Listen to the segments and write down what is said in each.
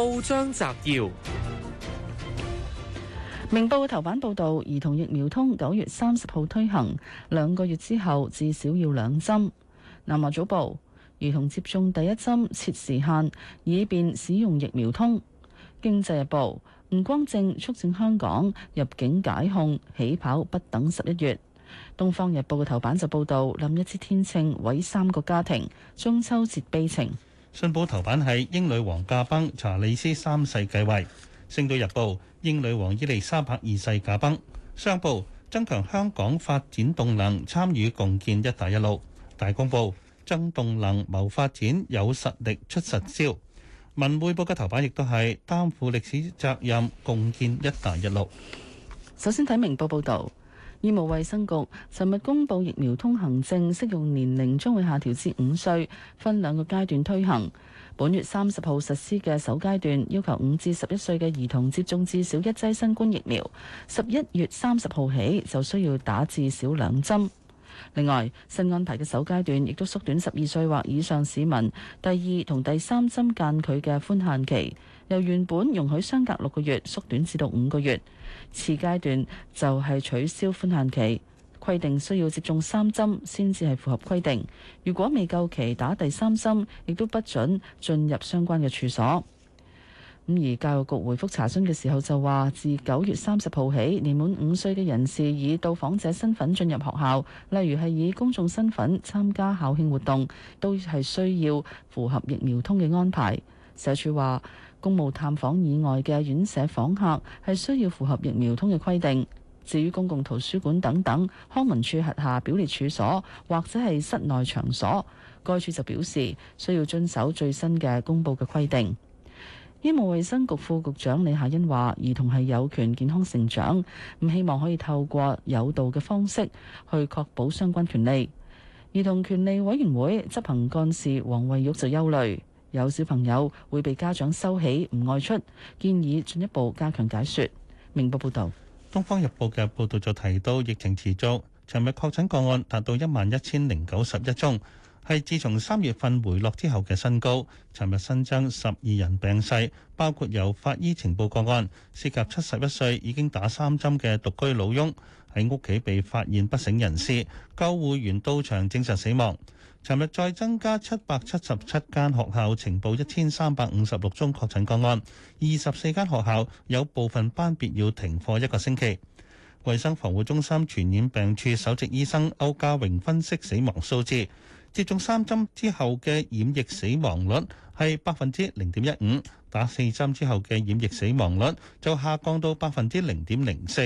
報章摘要：集《明報》嘅頭版報道，兒童疫苗通九月三十號推行，兩個月之後至少要兩針。《南華早報》：兒童接種第一針設時限，以便使用疫苗通。《經濟日報》：吳光正促進香港入境解控，起跑不等十一月。《東方日報》嘅頭版就報道，冧一支天秤毀三個家庭，中秋節悲情。信報頭版係英女王駕崩，查理斯三世繼位；《星島日報》英女王伊利沙伯二世駕崩；《商報》增強香港發展動能，參與共建一帶一路；《大公報》增動能，謀發展，有實力出實招。《文匯報》嘅頭版亦都係擔負歷史責任，共建一帶一路。首先睇明報報道。醫務衛生局尋日公佈疫苗通行證適用年齡將會下調至五歲，分兩個階段推行。本月三十號實施嘅首階段，要求五至十一歲嘅兒童接種至少一劑新冠疫苗；十一月三十號起就需要打至少兩針。另外，新安排嘅首階段亦都縮短十二歲或以上市民第二同第三針間距嘅寬限期。由原本容許相隔六個月，縮短至到五個月。次階段就係取消寬限期規定，需要接種三針先至係符合規定。如果未夠期打第三針，亦都不准進入相關嘅處所。咁而教育局回覆查詢嘅時候就話，自九月三十號起，年滿五歲嘅人士以到訪者身份進入學校，例如係以公眾身份參加校慶活動，都係需要符合疫苗通嘅安排。社署話，公務探訪以外嘅院舍訪客係需要符合疫苗通嘅規定。至於公共圖書館等等康文署轄下表列處所或者係室內場所，該署就表示需要遵守最新嘅公布嘅規定。醫務衛生局副，副局長李夏欣話：兒童係有權健康成長，咁希望可以透過有道嘅方式去確保相關權利。兒童權利委員會執行幹事黃慧玉就憂慮。有小朋友會被家長收起唔外出，建議進一步加強解説。明報報道：《東方日報》嘅報導就提到疫情持續，尋日確診個案達到一萬一千零九十一宗，係自從三月份回落之後嘅新高。尋日新增十二人病逝，包括由法醫呈報個案，涉及七十一歲已經打三針嘅獨居老翁，喺屋企被發現不省人事，救護員到場證實死亡。尋日再增加七百七十七間學校呈報一千三百五十六宗確診個案，二十四間學校有部分班別要停課一個星期。衞生防護中心傳染病處首席醫生歐家榮分析死亡數字，接種三針之後嘅染疫死亡率係百分之零點一五，打四針之後嘅染疫死亡率就下降到百分之零點零四，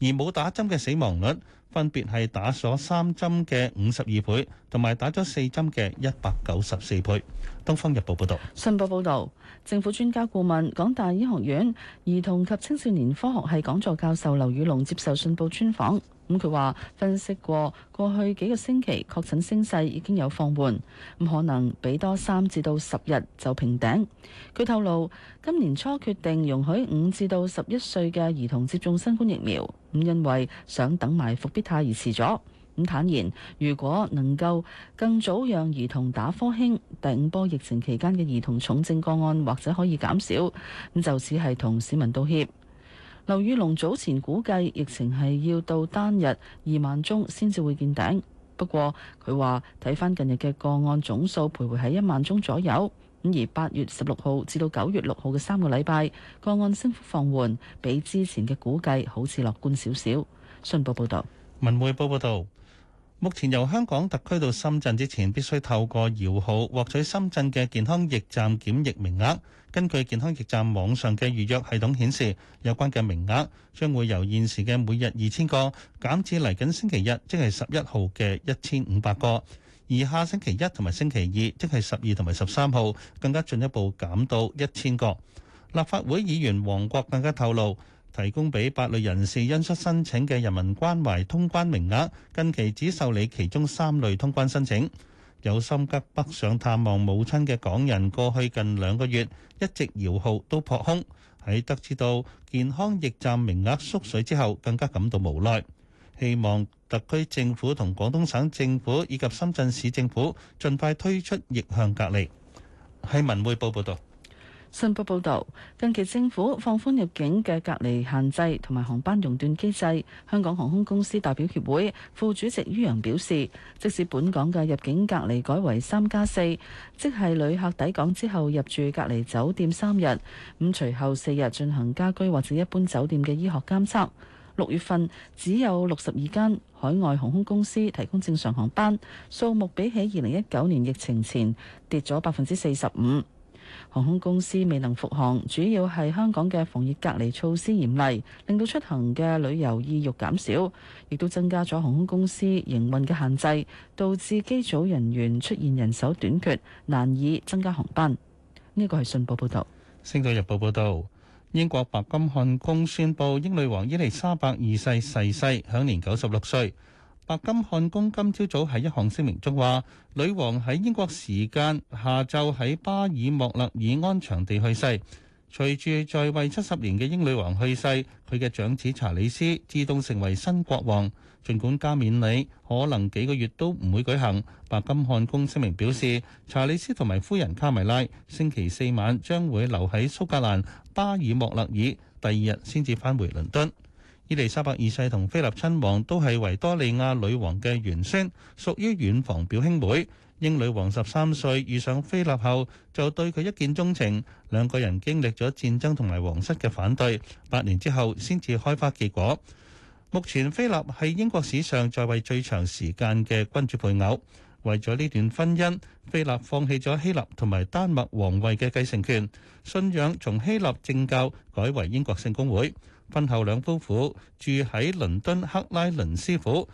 而冇打針嘅死亡率，分別係打咗三針嘅五十二倍，同埋打咗四針嘅一百九十四倍。《東方日報》報道，信報報導，政府專家顧問、港大醫學院兒童及青少年科學系講座教授劉宇龍接受信報專訪。咁佢話分析過過去幾個星期確診升勢已經有放緩，咁可能俾多三至到十日就平頂。佢透露今年初決定容許五至到十一歲嘅兒童接種新冠疫苗，咁因為想等埋復必泰而遲咗。咁坦言，如果能夠更早讓兒童打科興，第五波疫情期間嘅兒童重症個案或者可以減少。咁就只係同市民道歉。劉宇龍早前估計疫情係要到單日二萬宗先至會見頂，不過佢話睇返近日嘅個案總數徘徊喺一萬宗左右，咁而八月十六號至到九月六號嘅三個禮拜個案升幅放緩，比之前嘅估計好似樂觀少少。信報報道，文匯報報道。目前由香港特區到深圳之前，必須透過搖號獲取深圳嘅健康驛站檢疫名額。根據健康驛站網上嘅預約系統顯示，有關嘅名額將會由現時嘅每日二千個減至嚟緊星期日，即係十一號嘅一千五百個；而下星期一同埋星期二，即係十二同埋十三號，更加進一步減到一千個。立法會議員黃國更加透露。提供俾八類人士因需申請嘅人民關懷通關名額，近期只受理其中三類通關申請。有心急北上探望母親嘅港人，過去近兩個月一直搖號都撲空。喺得知到健康驛站名額縮水之後，更加感到無奈。希望特區政府同廣東省政府以及深圳市政府盡快推出逆向隔離。喺文匯報報道。新報報導，近期政府放寬入境嘅隔離限制同埋航班熔斷機制。香港航空公司代表協會副主席于洋表示，即使本港嘅入境隔離改為三加四，即係旅客抵港之後入住隔離酒店三日，咁隨後四日進行家居或者一般酒店嘅醫學監測。六月份只有六十二間海外航空公司提供正常航班，數目比起二零一九年疫情前跌咗百分之四十五。航空公司未能復航，主要係香港嘅防疫隔離措施嚴厲，令到出行嘅旅遊意欲減少，亦都增加咗航空公司營運嘅限制，導致機組人員出現人手短缺，難以增加航班。呢個係信報報導。《星島日報》報導英國白金漢宮宣佈英女王伊麗莎白二世逝世，享年九十六歲。白金漢宮今朝早喺一項聲明中話，女王喺英國時間下晝喺巴爾莫勒爾安祥地去世。隨住在位七十年嘅英女王去世，佢嘅長子查理斯自動成為新國王。盡管加冕禮可能幾個月都唔會舉行，白金漢宮聲明表示，查理斯同埋夫人卡米拉星期四晚將會留喺蘇格蘭巴爾莫勒爾，第二日先至返回倫敦。伊利沙伯二世同菲立親王都係維多利亞女王嘅玄孫，屬於遠房表兄妹。英女王十三歲遇上菲立後，就對佢一見鍾情。兩個人經歷咗戰爭同埋皇室嘅反對，八年之後先至開花結果。目前菲立係英國史上在位最長時間嘅君主配偶。為咗呢段婚姻，菲立放棄咗希臘同埋丹麥皇位嘅繼承權，信仰從希臘正教改為英國聖公會。婚後兩夫婦住喺倫敦克拉倫斯府，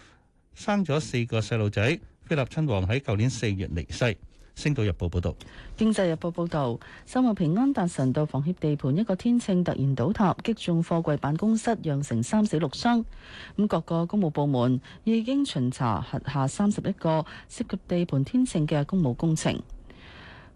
生咗四個細路仔。菲立親王喺舊年四月離世。星島日報報道，經濟日報報道，秀茂坪安達臣道房協地盤一個天秤突然倒塌，擊中貨櫃辦公室，釀成三死六傷。咁各個公務部門已經巡查轄下三十一個涉及地盤天秤嘅公務工程。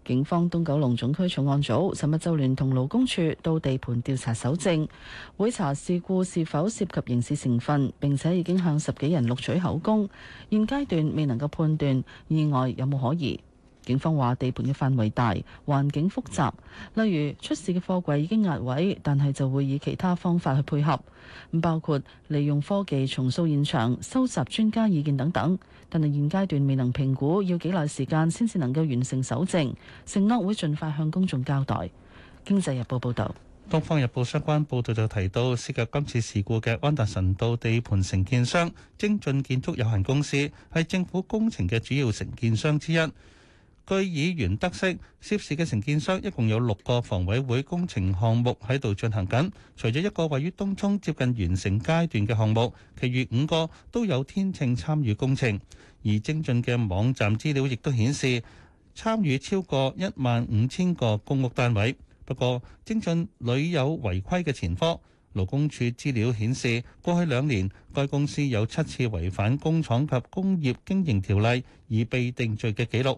警方東九龍總區重案組、十一周聯同勞工處到地盤調查搜證，會查事故是否涉及刑事成分，並且已經向十幾人錄取口供。現階段未能夠判斷意外有冇可疑。警方話：地盤嘅範圍大，環境複雜，例如出事嘅貨櫃已經壓位，但係就會以其他方法去配合，包括利用科技重塑現場、收集專家意見等等。但係現階段未能評估，要幾耐時間先至能夠完成搜證，承諾會盡快向公眾交代。經濟日報報道，《東方日報》相關報導就提到，涉及今次事故嘅安達臣道地盤承建商精進建築有限公司係政府工程嘅主要承建商之一。據議員得悉，涉事嘅承建商一共有六個房委會工程項目喺度進行緊，除咗一個位於東涌接近完成階段嘅項目，其餘五個都有天秤參與工程。而精進嘅網站資料亦都顯示，參與超過一萬五千個公屋單位。不過，精進屢有違規嘅前科，勞工處資料顯示，過去兩年該公司有七次違反工廠及工業經營條例而被定罪嘅記錄。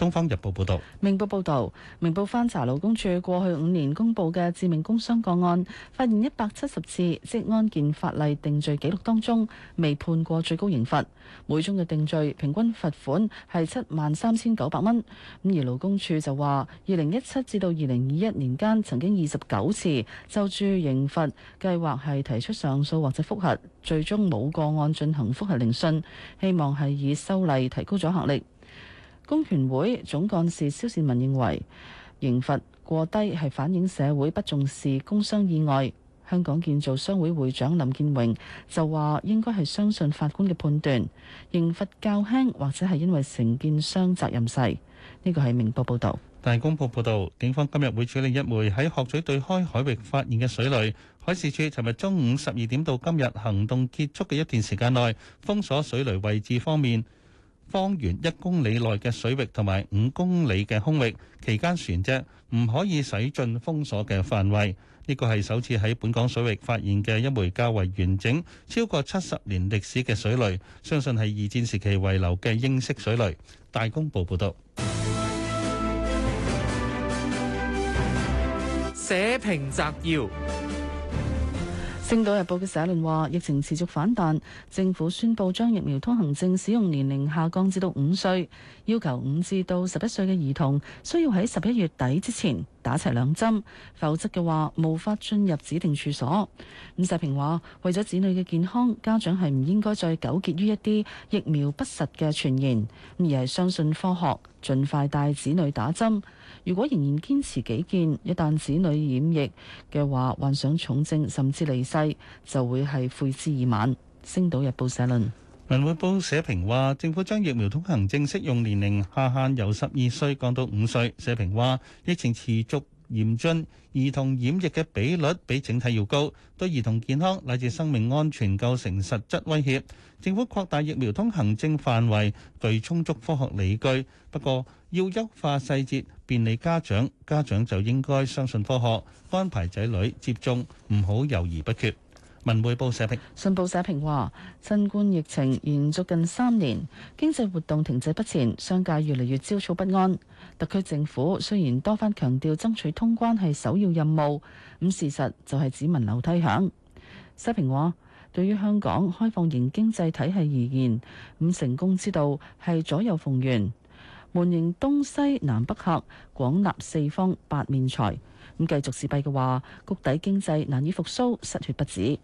《東方日報》報導，明報報導《明報》報道：「明報》翻查勞工處過去五年公佈嘅致命工傷個案，發現一百七十次職安健法例定罪記錄當中，未判過最高刑罰。每宗嘅定罪平均罰款係七萬三千九百蚊。咁而勞工處就話，二零一七至到二零二一年間，曾經二十九次就住刑罰計劃係提出上訴或者覆核，最終冇個案進行覆核聆訊。希望係以修例提高咗效力。工權會總幹事蕭善文，認為刑罰過低係反映社會不重視工傷意外。香港建造商會會長林建榮就話：應該係相信法官嘅判斷，刑罰較輕或者係因為承建商責任細。呢個係明報報導。大公報報導，警方今日會處理一枚喺鶴咀對開海域發現嘅水雷。海事處尋日中午十二點到今日行動結束嘅一段時間內，封鎖水雷位置方面。方圓一公里內嘅水域同埋五公里嘅空域，期間船隻唔可以駛進封鎖嘅範圍。呢、這個係首次喺本港水域發現嘅一枚較為完整、超過七十年歷史嘅水雷，相信係二戰時期遺留嘅英式水雷。大公報報道。社評摘要。《星島日報》嘅社論話：疫情持續反彈，政府宣布將疫苗通行證使用年齡下降至到五歲，要求五至到十一歲嘅兒童需要喺十一月底之前打齊兩針，否則嘅話無法進入指定處所。伍世平話：為咗子女嘅健康，家長係唔應該再糾結於一啲疫苗不實嘅傳言，而係相信科學，盡快帶子女打針。如果仍然堅持己見，一旦子女染疫嘅話，患上重症甚至離世，就會係悔之已晚。星島日報社論。文匯報社評話，政府將疫苗通行證適用年齡下限由十二歲降到五歲。社評話，疫情持續嚴峻，兒童染疫嘅比率比整體要高，對兒童健康乃至生命安全構成實質威脅。政府擴大疫苗通行證範圍，具充足科學理據。不過，要優化細節，便利家長，家長就應該相信科學，安排仔女接種，唔好猶豫不決。文匯報社評，信報社評話：新冠疫情延續近三年，經濟活動停滯不前，商界越嚟越焦躁不安。特區政府雖然多番強調爭取通關係首要任務，咁事實就係只聞樓梯響。社評話：對於香港開放型經濟體系而言，咁成功之道係左右逢源。門迎東西南北客，廣納四方八面財。咁繼續自閉嘅話，谷底經濟難以復甦，失血不止。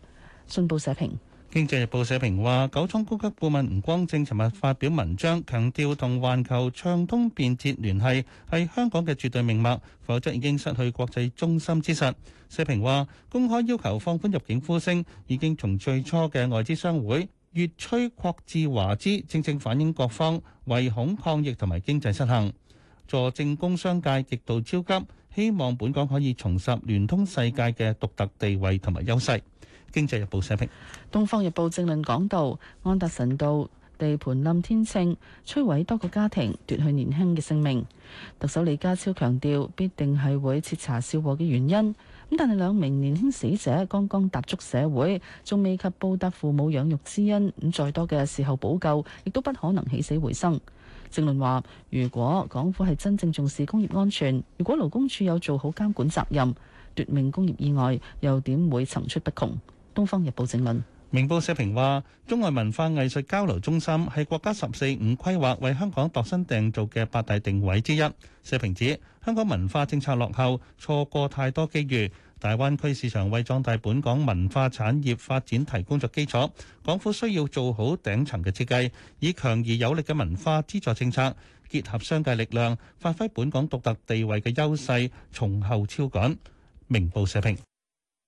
信報社評。經濟日報社評話，九倉高級顧問吳光正尋日發表文章，強調同環球暢通便捷聯繫係香港嘅絕對命脈，否則已經失去國際中心之實。社評話，公開要求放寬入境呼聲已經從最初嘅外資商會。越催擴至華資，正正反映各方唯恐抗疫同埋經濟失衡，助政工商界極度焦急，希望本港可以重拾聯通世界嘅獨特地位同埋優勢。經濟日報社評，《東方日報》正論講到：安達臣道地盤冧天秤，摧毀多個家庭，奪去年輕嘅性命。特首李家超強調，必定係會徹查肇禍嘅原因。咁但係兩名年輕死者剛剛踏足社會，仲未及報答父母養育之恩，咁再多嘅事後補救，亦都不可能起死回生。正論話，如果港府係真正重視工業安全，如果勞工處有做好監管責任，奪命工業意外又點會層出不窮？東方日報正論。明報社評話，中外文化藝術交流中心係國家十四五規劃為香港度身訂做嘅八大定位之一。社評指香港文化政策落後錯過太多機遇。大灣區市場為壯大本港文化產業發展提供咗基礎，港府需要做好頂層嘅設計，以強而有力嘅文化資助政策，結合商界力量，發揮本港獨特地位嘅優勢，從後超趕。明報社評。